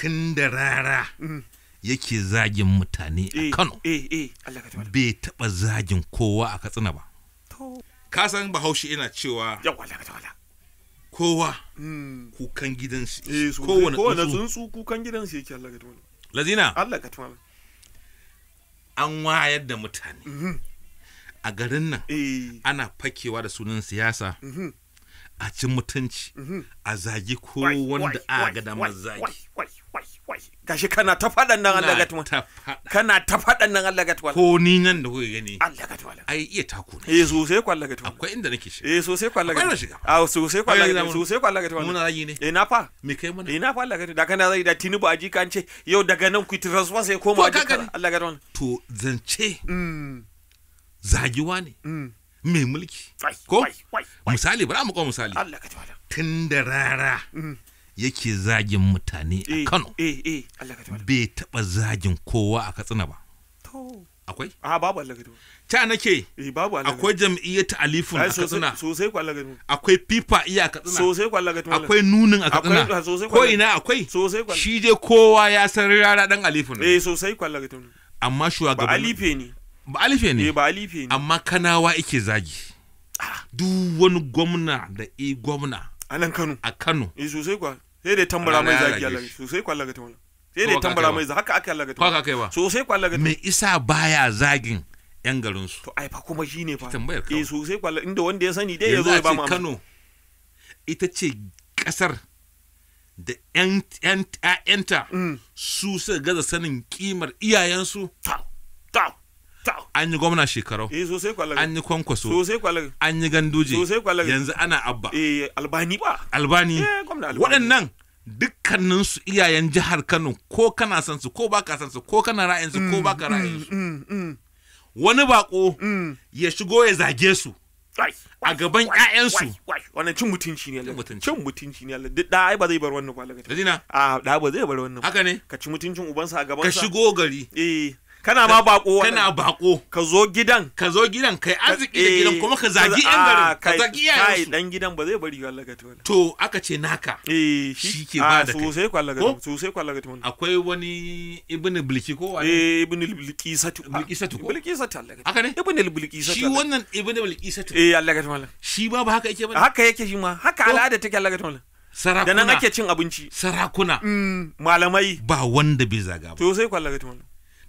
tun da rara mm. yake zagin mutane a eh, kano eh, eh, bai taɓa zagin kowa a katsina ba ka san bahaushe ina cewa kowa mm. kukan gidansu kowane tsuntsu kukan gidansu yake Allah ka lazina Allah ka an wayar da mutane mm-hmm. a garin nan ana fakewa da sunan siyasa mm-hmm. a cin mutunci mm-hmm. a zagi ko wanda a ga damar zagi gashi kana ta faɗan nan Allah gatwa kana ta faɗan nan Allah gatwa ko ni nan da kuke gani Allah gatwa ai iya tako ne eh so sai ku Allah gatwa akwai inda nake shi eh so sai ku Allah gatwa a sai ku Allah gatwa sai ku Allah gatwa muna rayi ne eh na fa me kai mana eh na fa Allah gatwa da kana zai da tinubu aji kan ce yau daga nan ku transfer sai koma aji Allah gatwa to zance mm zagiwa ne mai mulki ko misali bara mu ko misali Allah tun da rara mm yake zagin mutane a eh, Kano eh, eh, bai taɓa zagin kowa a Katsina ba akwai a ah, babu Allah gado ta nake babu Allah akwai jam'iyyar ta alifun a Katsina sosai Allah akwai pipa iya a Katsina sosai Allah akwai nunin a Katsina ko ina akwai sosai shi dai kowa ya san rara dan alifun eh sosai ku Allah gado amma shugaban ba alife ne ba alife ne ba alife ne amma kanawa yake zagi ah. duk wani gwamna da i gwamna a nan kano a kano eh sosai kwa sai dai tambara mai zaki Allah sosai kwa Allah ga tawala sai dai tambara mai zaki haka aka Allah ga tawala haka kai ba sosai kwa Allah ga me isa baya zagin yan garin su to ai fa kuma shine fa tambayar eh sosai kwa Allah inda wanda ya sani dai yazo ya ba mu Kano ita ce kasar da yan yan ta mm. su sai gaza sanin kimar iyayensu an yi gwamna shekarau eh, an yi kwankwaso an yi ganduje yanzu ana abba eh, albani ba albani eh, waɗannan dukkanin su iyayen jihar kano ko kana san su ko baka san su ko kana ra'ayin su ko baka ra'ayin su mm, mm, mm, wani bako ya shigo ya zage su a gaban ƴaƴan su wannan cin mutunci ne Allah cin mutunci ne Allah da ai ba zai bar wannan kwalaka dina a ah, da ba zai bar wannan haka ne ka ci mutuncin uban sa a gaban sa ka shigo gari eh kana ma bako kana bako ka zo gidan ka zo gidan kai arziki da gidan kuma ka eh, zagi yan garin ah, ka zagi yayin su dan gidan ba zai bari Allah ka tona to aka ce naka eh shi ke ba ah, da kai sosai kwalla ga sosai kwalla ga tona akwai wani ibn bilki ko wani eh ibn bilkisatu bilkisatu ko bilkisatu Allah ka haka ne ibn bilkisatu shi wannan ibn bilkisatu eh Allah ka tona shi ba ba haka yake ba haka yake shi ma haka al'ada take Allah ka tona sarakuna da nan ake cin abinci sarakuna mm, malamai ba wanda bai zaga ba to sai kwalla ga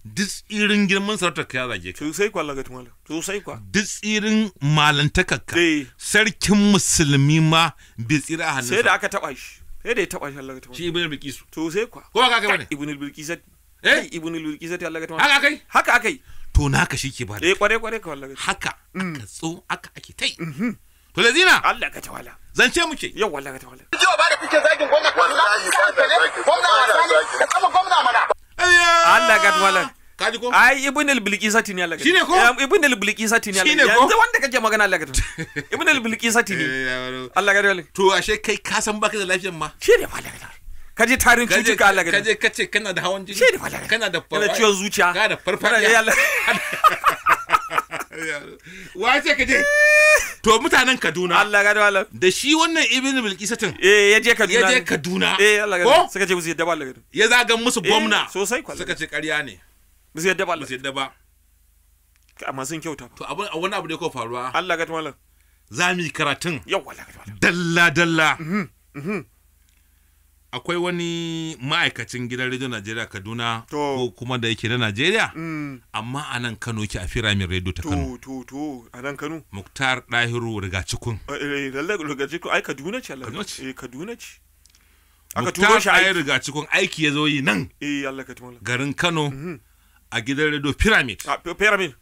duk tsirin girman sarautar ka ya zage ka sosai kwa lagat malam sosai kwa duk tsirin malantaka ka eh. sarkin musulmi ma bai tsira a hannunsa. sai da aka taba shi sai da ya taba shi Allah ta shi ibnul bilqis sosai kwa ko aka kai bane ibnul bilqis eh ibnul bilqis ta Allah ta haka kai haka kai. to naka shi ke ba eh kware kware ka wallahi haka Ka tso aka mm. ake tai mm-hmm. to da zina. Allah ka tawala ce muke yau wallahi ka tawala jiya ba da kuke zagin gwamnati wallahi gwamnati wasa ne ka kama gwamnati mana Allah gad malam kaji ko ai ibn al-bilqisa tini Allah shine ko ibn al-bilqisa tini Allah yanzu wanda kake magana Allah gadu ibn al-bilqisa tini eh, Allah gadu wale to ashe kai ka san baka da lafiyar ma shine ba Allah gadu kaje tarin cutuka Allah gadu kaje kace kana da hawan jini shine ba Allah kana da ciwon zuciya kana da farfadiya wace ka je to mutanen kaduna Allah gado Allah da shi wannan ibn bilkisatin eh ya je kaduna ya je kaduna eh Allah gado suka ce musu yadda ba Allah gado ya zagan musu eh, gwamna sosai kwallo suka ce ƙarya ne musu yadda ba Allah musu yadda ba amma sun kyauta to abin wani abu da ko faruwa Allah gado Allah za mu yi karatun yau Allah gado dalla dalla Mhm. Mhm. akwai wani ma'aikacin gidan rediyo najeriya kaduna ko kuma da yake na najeriya mm. amma a nan kano ke a firamin rediyo ta kano to to a nan kano muktar dahiru rigacikun eh, eh, rigacikun ai kaduna ce kaduna ce eh, kaduna ce aka turo shi ai rigacikun aiki ya zo yi nan eh Allah ka tumala garin kano mhm. a gidan rediyo pyramid a pyramid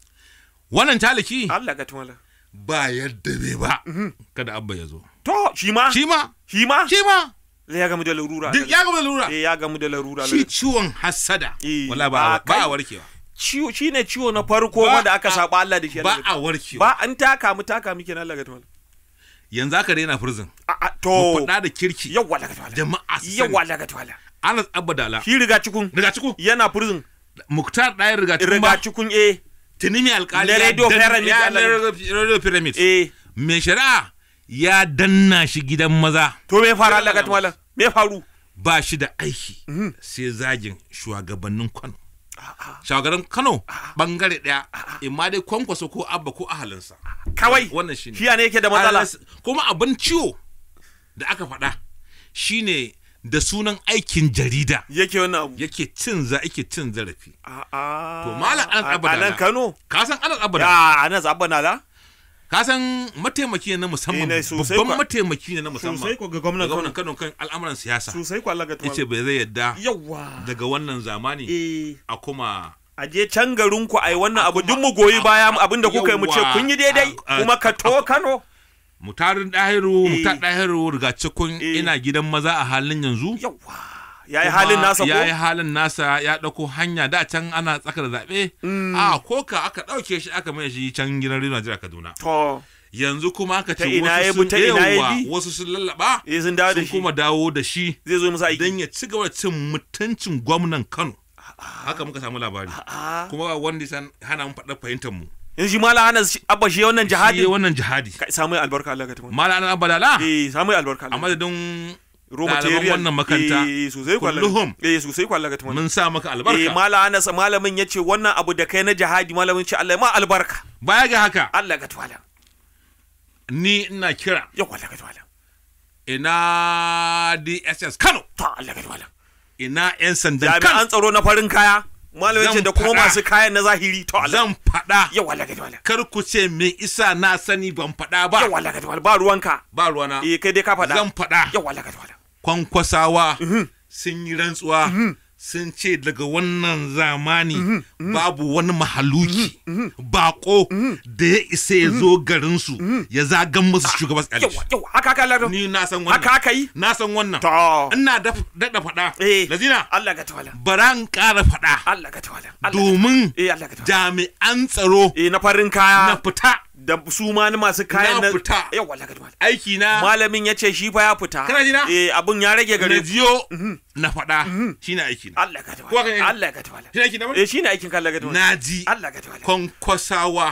wannan taliki Allah ka tumala ba yadda bai ba mhm. kada abba ya zo to shi ma shi ma shi ma shi ma ya gamu da larura ya gamu da larura eh, ya gamu da larura shi ciwon hasada eh, wala ba ba warkewa ciwo shine ciwo na farko wanda aka saba Allah da shi ba a warkewa ba an taka mu taka miki na Allah ga tumal yanzu aka daina prison to mu fada da kirki yawa daga tuwala jama'a yawa daga tuwala Anas Abadala shi riga cikun riga cikun yana furzin Muktar ɗaya riga cikun riga cikun eh tuni mai alƙali na radio pyramid eh me shari'a ya danna shi gidan maza to me fara Allah ka malam me faru ba shi da aiki mhm. sai zagin shugabannin Kano shagaran Kano bangare daya imma dai kwankwaso ko abba ko ahalinsa kawai wannan shine shi ne yake da matsala kuma abin ciwo da aka faɗa shine da sunan aikin jarida yake wannan abu yake cin za yake cin zarafi a a to malam anas abadala Kano ka san anas abadala a anas abadala ka san mataimaki na musamman eh, babban mataimaki ne na musamman sosai ko ga gwamnan Kano kan al'amuran siyasa sosai ko Allah ga yace bai zai yadda yawa daga wannan zamani eh. a kuma a je can garin ku ai wannan abu duk mu goyi baya abinda kuka yi mu ce kun yi daidai kuma ka to Kano mutarin dahiru eh. mutar dahiru riga kun ina gidan maza a halin yanzu yawa ya yi halin nasa ko ya yi halin nasa ya ɗauko hanya da can ana tsakar zaɓe mm. a ko ka aka ɗauke shi aka mai shi can gidan rediyo Najeriya Kaduna to yanzu kuma aka ce wasu sun yawa wasu eh, sun lallaba sun kuma dawo da shi zai zo dan ya ci gaba da cin mutuncin gwamnan Kano haka muka samu labari kuma wanda san hana mu faɗa fahimtar mu yanzu mala ana abba shi wannan jihadi shi wannan jihadi samu albarka Allah ka tuma mala ana abba lala eh samu albarka Allah amma da don raw material wannan makanta eh, kulluhum eh sosai ku Allah ka mun sa maka albarka eh malam Anas malamin yace wannan abu da kai na jihadi malamin ce Allah ma albarka baya ga haka Allah ka tuma ni ina kira yau Allah ka ina DSS Kano to Allah ka tuma ina yan sandan Kano jami'an tsaro na farin kaya malamin ce da kuma masu kayan na zahiri to Allah zan fada yau Allah ka kar ku ce me isa na sani ban fada ba yau Allah ka ba ruwanka ba ruwana eh kai dai ka fada zan fada yau Allah ka kwankwasawa mhm. sun yi rantsuwa mhm. sun ce daga wannan zamani mhm. babu wani mahaluki bako da ya isa ya zo garinsu ya zagan musu ah, shugaban tsakanin ni na san wannan haka haka yi na san wannan ina daɗa faɗa eh. lazina Allah ga tawala baran ƙara faɗa Allah ga tawala domin eh, jami'an tsaro eh, na farin kaya na fita da su ma masu kayan na fita yawa lagadu aiki na malamin ya ce shi fa ya fita kana eh abun ya rage gare jiyo mhm. na faɗa shine aiki na Allah ka tawala Allah ka tawala shine aiki na eh shine aikin Allah ka tawala naji Allah ka tawala konkwasawa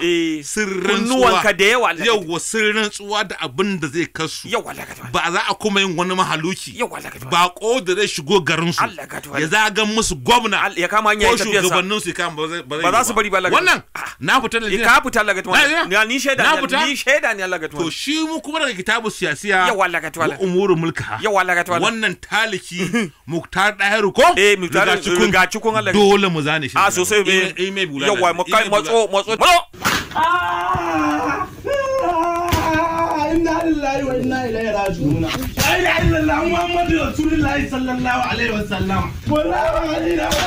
sirrin tsuwa ka da yawa Allah yawa sirrin tsuwa da abin da zai kasu yawa Allah ka tawala ba za a kuma yin wani mahaluki yawa Allah ka tawala ba ko da zai shigo garin su Allah ka tawala ya zaga musu gwamna ya kama hanya ya tafiya sa shugabannin su kama ba za su bari ba Allah wannan na fita da ka fita Allah ka tawala ni shaida ni shaida ni Allah ka tawala to shi mu kuma daga kitabu siyasiya yawa Allah ka tawala umurul mulka yawa Allah ka tawala wannan taliki muktar dahiru ko eh muktar ga cikun Allah dole mu zane shi a ah, sosai be eh, eh, eh bula yawa mu kai eh, matso matso matso ah, inna wa inna ilaihi raji'un la ilaha muhammadu rasulullahi sallallahu alaihi wasallam wallahi la ilaha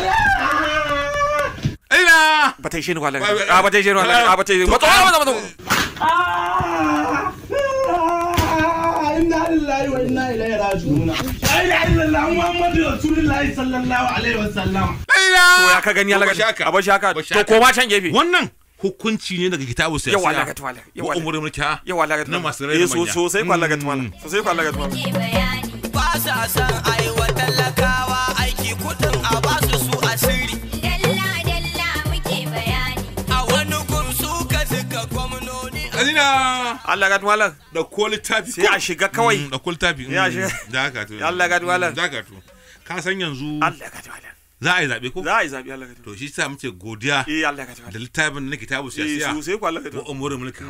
ina ba ta shi ni kwallon ah, ba ta shi ni kwallon ba ta shi ni kwallon la yajuruna la ilaha illallah muhammadu rasulullahi sallallahu alaihi wasallam to ya ka gani Allah a bar shaka to koma can gefe wannan hukunci ne daga kitabu sai yawa laga tuwala yawa umurin mulki ha yawa laga tuwala na masu rai eh, so so sai kwa laga tuwala hmm. so kwa laga tuwala ba sa san aiwatar lakawa Kadina. Allah ga malam. Da ko littafi. Sai a shiga kawai. Da mm, ko littafi. Ya mm, shiga. Da haka to. Allah ga malam. Mm, da haka to. Ka san yanzu. Allah ga malam. Za a yi zaɓe ko? Za a yi zaɓe Allah ga To shi sa muke godiya. Eh Allah ga malam. Da littafin da na kitabu siyasiya. Eh su sai ko Allah ga malam. Ko umurin mulki.